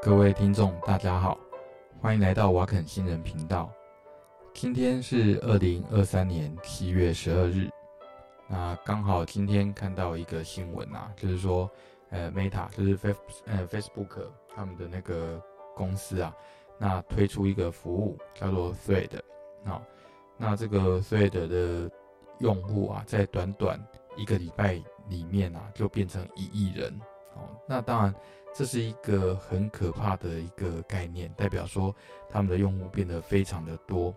各位聽眾，大家好，歡迎來到瓦肯新人頻道。今天是二零二三年七月十二日，那剛好今天看到一個新聞啊，就是說，呃，Meta 就是 Face、呃、Facebook 他們的那個公司啊，那推出一個服務叫做 Thread 啊、哦，那這個 Thread 的用戶啊，在短短一個禮拜裡面啊，就變成一億人哦。那當然。這是一個很可怕的一個概念，代表說他們的用戶變得非常的多，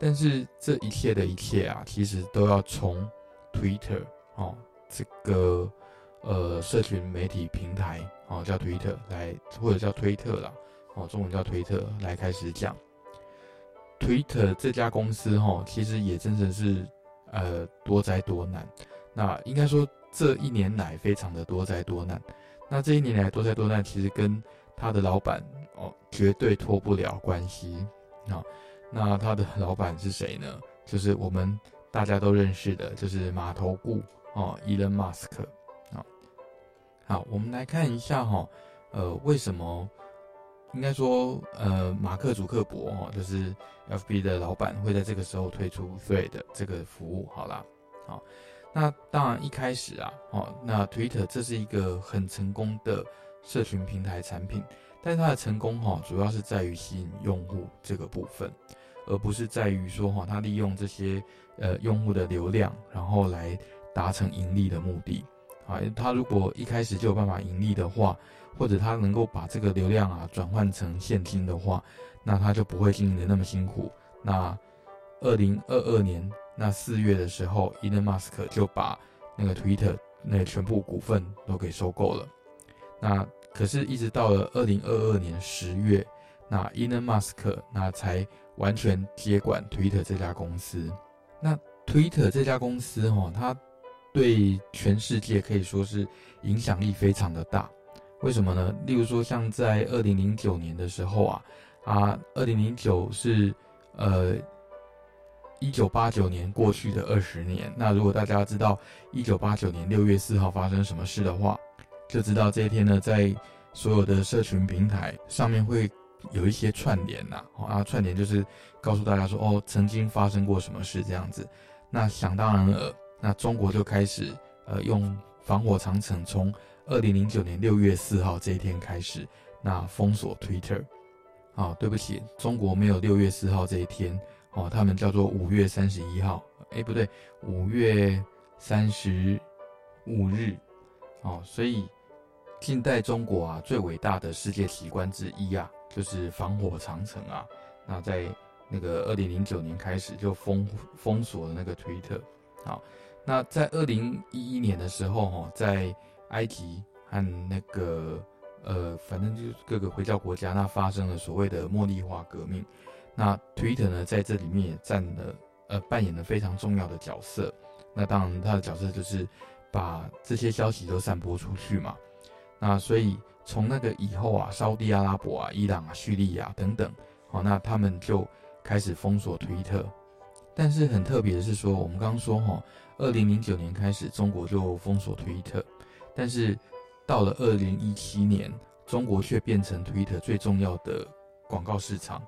但是這一切的一切啊，其實都要從 Twitter 哦，這個呃，社群媒體平台哦，叫 Twitter 來，或者叫推特啦。哦，中文叫推特來開始講。Twitter 這家公司哈、哦，其實也真的是呃，多災多難，那應該說這一年來非常的多災多難。那這一年來多災多難，其實跟他的老闆哦絕對脫不了關係啊、哦。那他的老闆是誰呢？就是我們大家都認識的，就是馬頭顧哦，Elon Musk 啊。好，我們來看一下哈、哦，呃，為什麼應該說呃，馬克·祖克伯哦，就是 F B 的老闆會在這個時候推出 Thread 這個服務？好了，好、哦。那當然，一開始啊，哈，那 Twitter 這是一個很成功的社群平台產品，但是它的成功哈，主要是在於吸引用戶這個部分，而不是在於說哈，它利用這些呃用戶的流量，然後來達成盈利的目的，啊，它如果一開始就有辦法盈利的話，或者它能夠把這個流量啊轉換成現金的話，那它就不會經營得那麼辛苦。那二零二二年。那四月的時候 Elon Musk 就把那個 Twitter 那個全部股份都給收購了。那可是，一直到了二零二二年十月，那 Elon Musk 那才完全接管 Twitter 這家公司。那 Twitter 這家公司哈、喔，它對全世界可以說是影響力非常的大。為什麼呢？例如說，像在二零零九年的時候啊，啊，二零零九是呃。一九八九年過去的二十年，那如果大家知道一九八九年六月四號發生什麼事的話，就知道這一天呢，在所有的社群平台上面會有一些串聯吶，啊，那串聯就是告訴大家說，哦，曾經發生過什麼事這樣子。那想當然了，那中國就開始呃用防火長城，從二零零九年六月四號這一天開始，那封鎖 Twitter。好、哦，對不起，中國沒有六月四號這一天。哦，他們叫做五月三十一號，哎、欸，不對，五月三十五日，哦，所以近代中國啊，最偉大的世界奇觀之一啊，就是防火長城啊。那在那個二零零九年開始就封封鎖了那個推特，好，那在二零一一年的時候、哦，哈，在埃及和那個呃，反正就是各個回教國家，那發生了所謂的茉莉花革命。那 Twitter 呢，在這裡面也佔了呃扮演了非常重要的角色。那當然，它的角色就是把這些消息都散播出去嘛。那所以從那個以後啊，沙地阿拉伯啊、伊朗啊、敘利亞啊，等等，好，那他們就開始封鎖 Twitter。但是很特別的是說，我們剛剛說哈，二零零九年開始中國就封鎖 Twitter，但是到了二零一七年，中國卻變成 Twitter 最重要的廣告市場。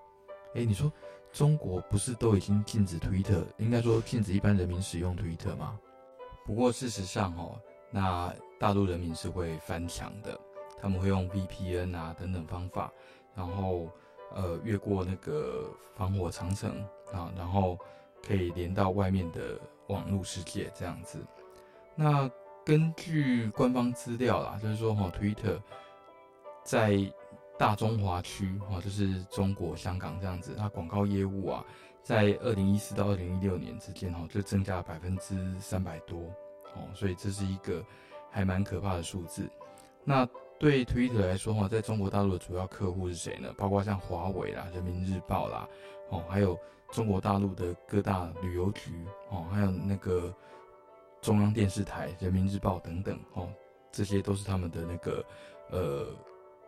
哎、欸，你說中國不是都已經禁止 Twitter，應該說禁止一般人民使用 Twitter 嗎？不過事實上哦，那大陸人民是會翻牆的，他們會用 VPN 啊等等方法，然後呃越過那個防火長城啊，然後可以連到外面的網絡世界這樣子。那根據官方資料啦，就是說哈，Twitter 在，大中華區哈，就是中國香港這樣子。它廣告業務啊，在二零一四到二零一六年之間哈就增加了百分之三百多哦，所以這是一個還蠻可怕的數字。那對 Twitter 來說哈，在中國大陸的主要客戶是誰呢？包括像華為啦、人民日報啦哦，還有中國大陸的各大旅遊局哦，還有那個中央電視台、人民日報等等哦，這些都是他們的那個呃。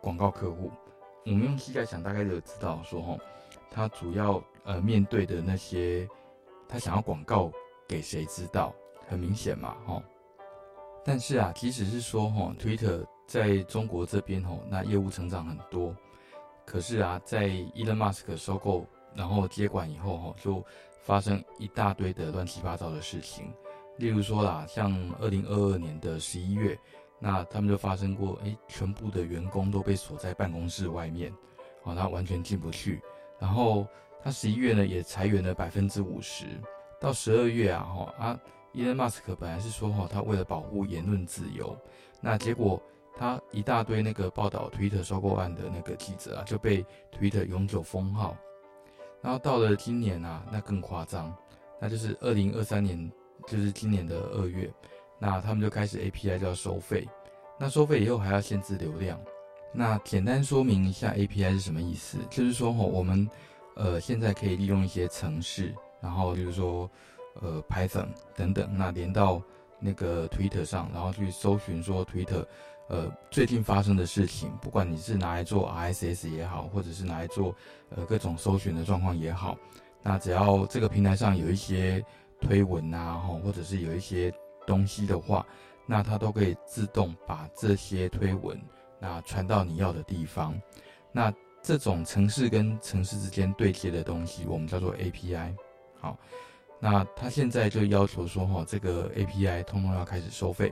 廣告客戶，我們用膝蓋想，大概就知道說哈，他主要呃面對的那些，他想要廣告給誰知道，很明顯嘛哈。但是啊，即使是說哈，Twitter 在中國這邊哈，那業務成長很多，可是啊，在 Elon Musk 收購然後接管以後哈，就發生一大堆的亂七八糟的事情，例如說啦，像二零二二年的十一月，那他們就發生過，欸、全部的員工都被鎖在辦公室外面，好、哦，他完全進不去。然後他十一月呢也裁員了百分之五十。到十二月啊，哈，啊，Elon Musk 本來是說哈、哦，他為了保護言論自由，那結果他一大堆那個報道 Twitter 收購案的那個記者啊，就被 Twitter 永久封號。然後到了今年啊，那更誇張，那就是二零二三年，就是今年的二月。那他們就開始 API 就要收費，那收費以後還要限制流量。那簡單說明一下 API 是什麼意思，就是說吼，我們呃現在可以利用一些程式，然後就是說呃 Python 等等，那連到那個 Twitter 上，然後去搜尋說 Twitter 呃最近發生的事情，不管你是拿來做 RSS 也好，或者是拿來做呃各種搜尋的狀況也好，那只要這個平台上有一些推文啊，吼，或者是有一些。東西的話，那它都可以自動把這些推文那傳到你要的地方。那這種程式跟程式之間對接的東西，我們叫做 API。好，那它現在就要求說，吼、喔，這個 API 通通要開始收費，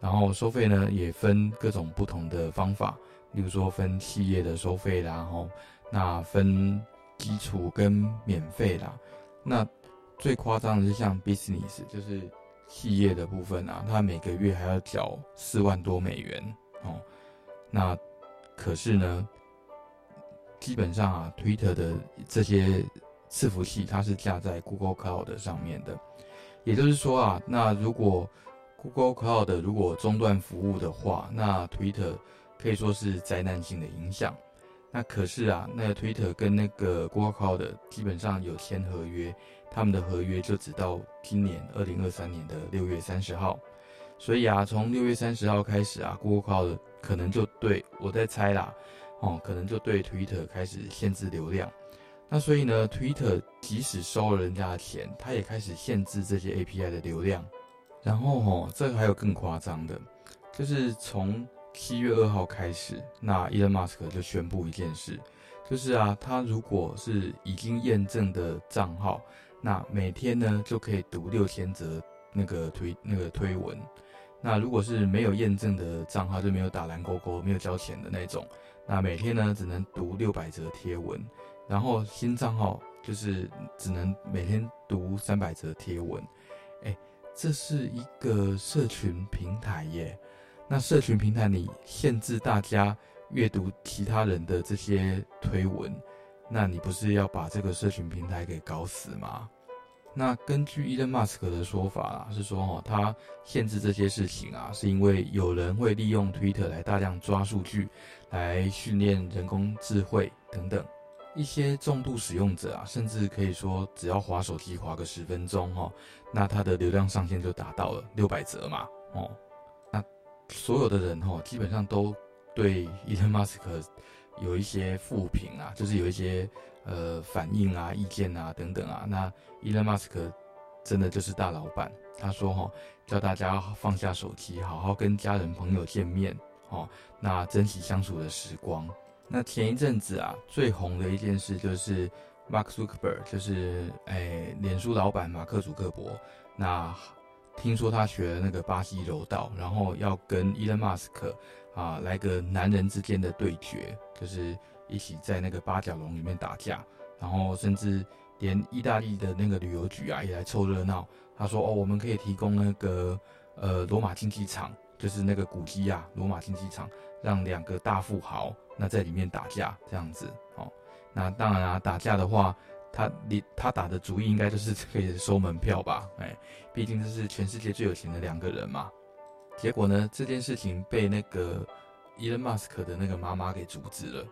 然後收費呢也分各種不同的方法，例如說分企業的收費啦，吼，那分基礎跟免費啦，那最誇張的是像 Business 就是。系列的部分啊，他每個月還要繳四萬多美元哦。那可是呢，基本上啊，Twitter 的這些伺服器它是架在 Google Cloud 上面的，也就是說啊，那如果 Google Cloud 如果中斷服務的話，那 Twitter 可以說是災難性的影響。那可是啊，那 Twitter、個、跟那個 Google Cloud 基本上有簽合約。他們的合約就只到今年二零二三年的六月三十號，所以啊，從六月三十號開始啊，Google Cloud 可能就對，我在猜啦，哦，可能就對 Twitter 開始限制流量。那所以呢，Twitter 即使收了人家的錢，它也開始限制這些 API 的流量。然後哦，這個還有更誇張的，就是從七月二號開始，那 Elon Musk 就宣布一件事，就是啊，他如果是已經驗證的賬號。那每天呢就可以讀六千則那個推那個推文，那如果是沒有驗證的賬號就沒有打藍勾勾，沒有交錢的那種，那每天呢只能讀六百則貼文，然後新賬號就是只能每天讀三百則貼文，哎，這是一個社群平台耶，那社群平台你限制大家閱讀其他人的這些推文，那你不是要把這個社群平台給搞死嗎？那根據伊隆·馬斯克的說法啊，是說哦，他限制這些事情啊，是因為有人會利用 Twitter 來大量抓數據，來訓練人工智慧等等。一些重度使用者啊，甚至可以說只要滑手機滑個十分鐘哦，那他的流量上限就達到了六百則嘛哦。那所有的人哦，基本上都對伊隆·馬斯克。有一些負評啊，就是有一些呃反應啊、意見啊等等啊。那伊隆馬斯克真的就是大老闆，他說哈、哦，叫大家放下手機，好好跟家人朋友見面，哦，那珍惜相處的時光。那前一陣子啊，最紅的一件事就是馬克祖克伯，就是誒、哎，臉書老闆馬克祖克伯，那聽說他學了那個巴西柔道，然後要跟伊隆馬斯克。啊，來個男人之間的對決，就是一起在那個八角籠裡面打架，然後甚至連意大利的那個旅遊局啊也來湊熱鬧。他說：“哦，我們可以提供那個呃羅馬競技場，就是那個古蹟啊，羅馬競技場，讓兩個大富豪那在裡面打架這樣子哦。那當然啊，打架的話，他你他打的主意應該就是可以收門票吧？哎，畢竟這是全世界最有錢的兩個人嘛。”結果呢？這件事情被那個伊隆馬斯克的那個媽媽給阻止了。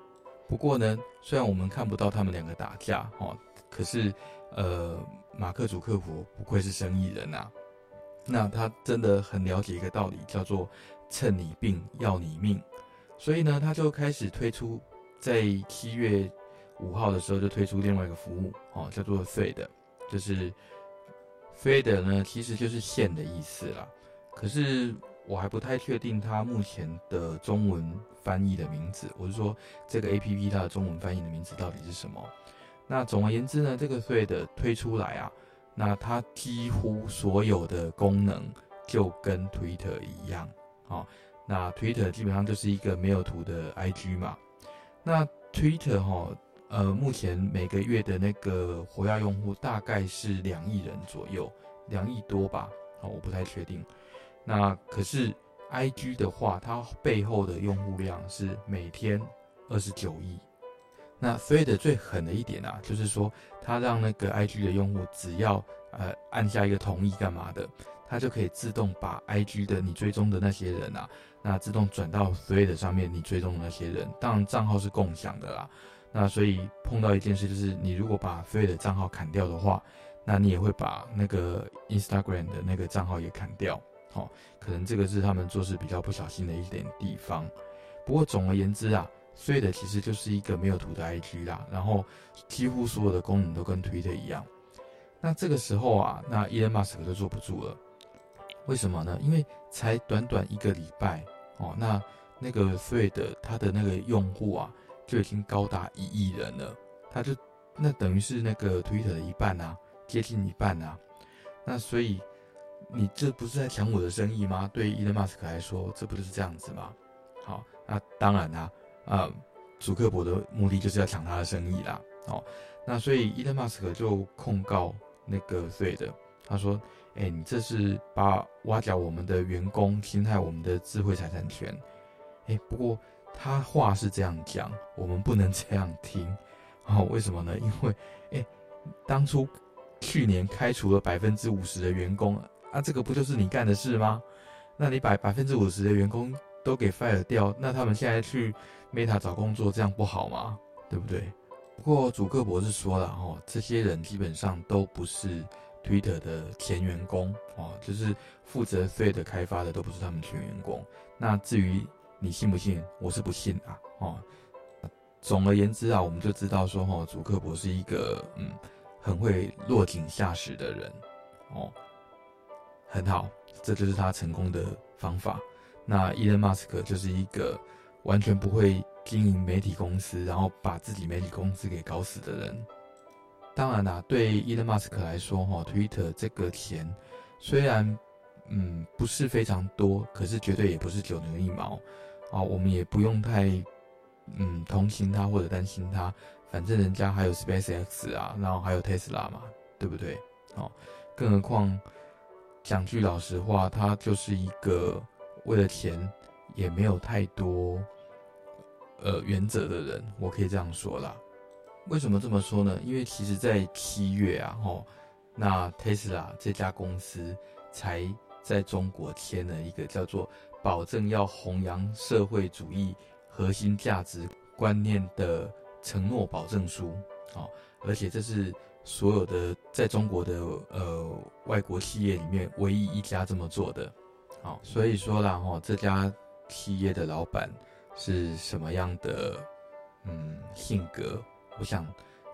不過呢，雖然我們看不到他們兩個打架哦，可是呃，馬克·祖克伯不愧是生意人吶、啊，那他真的很了解一個道理，叫做趁你病要你命。所以呢，他就開始推出，在七月五號的時候就推出另外一個服務哦，叫做 Threads，就是 Threads 呢，其實就是線的意思啦。可是，我還不太確定它目前的中文翻譯的名字，我是說這個 A P P 它的中文翻譯的名字到底是什麼？那總而言之呢，這個 Threads 推出來啊，那它幾乎所有的功能就跟 Twitter 一樣啊、哦。那 Twitter 基本上就是一個沒有圖的 I G 嘛。那 Twitter 哈、哦、呃，目前每個月的那個活躍用戶大概是兩億人左右，兩億多吧？啊、哦，我不太確定。那可是，IG 的話，它背後的用戶量是每天二十九億。那 Thread 的最狠的一點啊，就是說，它讓那個 IG 的用戶只要呃按下一個同意幹嘛的，它就可以自動把 IG 的你追蹤的那些人啊，那自動轉到 Thread 上面你追蹤的那些人。當然，賬號是共享的啦。那所以碰到一件事就是，你如果把 Thread 賬號砍掉的話，那你也會把那個 Instagram 的那個賬號也砍掉。哦，可能這個是他們做事比較不小心的一點地方。不過總而言之啊，Thread 的其實就是一個沒有圖的 IG 啦，然後幾乎所有的功能都跟 Twitter 一樣。那這個時候啊，那 Elon Musk 就坐不住了。為什麼呢？因為才短短一個禮拜哦，那那個 Thread 的他的那個用戶啊，就已經高達一億人了。他就那等於是那個 Twitter 的一半啊，接近一半啊。那所以。你這不是在搶我的生意嗎？對伊隆馬斯克來說，這不就是這樣子嗎？好，那當然啦、啊，啊、嗯，祖克伯的目的就是要搶他的生意啦。哦，那所以伊隆馬斯克就控告那個誰的，他說：“哎、欸，你這是把挖角我們的員工，侵害我們的智慧財產權，權。欸”哎，不過他話是這樣講，我們不能這樣聽。哦，為什麼呢？因為哎、欸，當初去年開除了百分之五十的員工。那、啊、這個不就是你幹的事嗎？那你把百分之五十的員工都給 fire 掉，那他們現在去 Meta 找工作，這樣不好嗎？對不對？不過祖克伯是說了哈、哦，這些人基本上都不是 Twitter 的前員工哦，就是負責 thread 開發的都不是他們前員工。那至於你信不信，我是不信啊哦。總而言之啊，我們就知道說哦，祖克伯是一個嗯，很會落井下石的人哦。很好，這就是他成功的方法。那伊隆·馬斯克就是一個完全不會經營媒體公司，然後把自己媒體公司給搞死的人。當然啦，對伊隆·馬斯克來說，哈、哦，Twitter 這個錢雖然嗯不是非常多，可是絕對也不是九牛一毛啊、哦。我們也不用太嗯同情他或者擔心他，反正人家還有 SpaceX 啊，然後還有 Tesla 嘛，對不對？哦，更何況。講句老實話，他就是一個為了錢也沒有太多，呃，原則的人，我可以這樣說啦。為什麼這麼說呢？因為其實，在七月啊，吼、哦，那特斯拉這家公司才在中國簽了一個叫做“保證要弘揚社會主義核心價值觀念”的承諾保證書，哦，而且這是所有的。在中國的呃外國企業裡面，唯一一家這麼做的，好，所以說啦，哈、哦，這家企業的老板是什麼樣的嗯性格？我想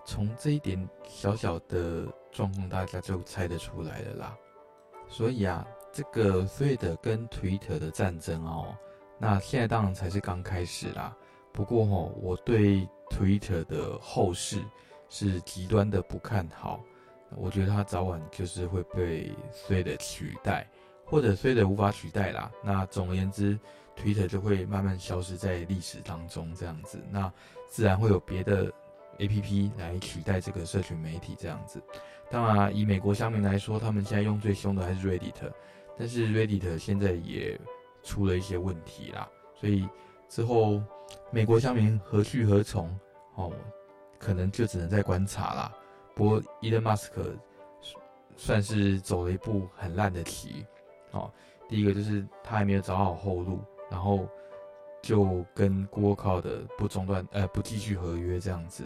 從這一點小小的狀況，大家就猜得出來了啦。所以啊，這個 Thread 跟 Twitter 的戰爭哦，那現在當然才是剛開始啦。不過哈、哦，我對 Twitter 的後世是極端的不看好。我覺得它早晚就是會被 threads 取代，或者 threads 無法取代啦。那總而言之，Twitter 就會慢慢消失在歷史當中，這樣子。那自然會有別的 APP 來取代這個社群媒體，這樣子。當然，以美國鄉民來說，他們現在用最兇的還是 Reddit，但是 Reddit 現在也出了一些問題啦。所以之後美國鄉民何去何從，哦，可能就只能再觀察啦。不過 Elon Musk 算是走了一步很爛的棋，哦，第一個就是他還沒有找好後路，然後就跟 Google 的不中斷，呃，不繼續合約這樣子，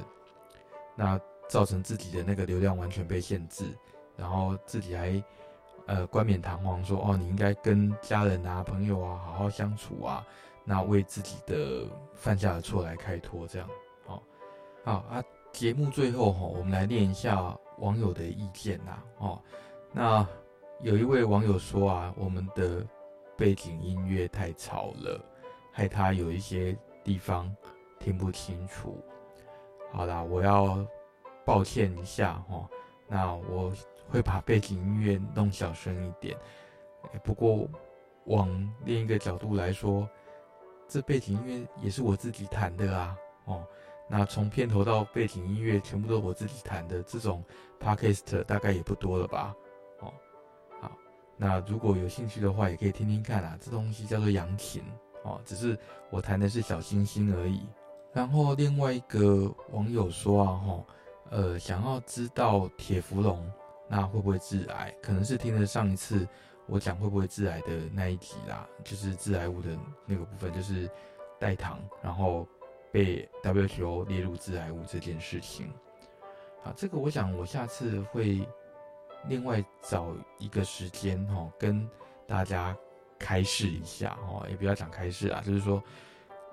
那造成自己的那個流量完全被限制，然後自己還呃冠冕堂皇說哦，你應該跟家人啊、朋友啊好好相處啊，那為自己的犯下的錯來開脫這樣，哦，好啊。節目最後、哦、我們來念一下網友的意見、啊、哦，那有一位網友說啊，我們的背景音樂太吵了，害他有一些地方聽不清楚。好啦，我要抱歉一下、哦、那我會把背景音樂弄小聲一點。不過，往另一個角度來說，這背景音樂也是我自己彈的啊。哦。那從片頭到背景音樂全部都是我自己彈的，這種 podcast 大概也不多了吧？哦，好，那如果有興趣的話，也可以聽聽看啊。這東西叫做揚琴，哦，只是我彈的是小星星而已。然後另外一個網友說啊，吼，呃，想要知道鐵氟龍那會不會致癌？可能是聽了上一次我講會不會致癌的那一集啦，就是致癌物的那個部分，就是代糖，然後。被 WHO 列入致癌物這件事情，啊，這個我想我下次會另外找一個時間哦，跟大家開示一下哦，也不要講開示啊，就是說，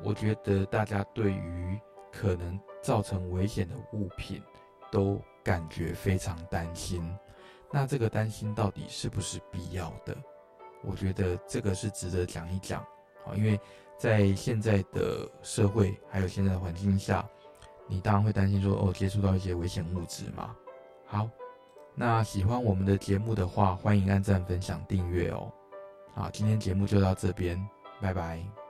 我覺得大家對於可能造成危險的物品都感覺非常擔心，那這個擔心到底是不是必要的？我覺得這個是值得講一講。好，因為在現在的社會還有現在的環境下，你當然會擔心說哦，接觸到一些危險物質嘛。好，那喜歡我們的節目的話，歡迎按讚、分享、訂閱哦。好，今天節目就到這邊，拜拜。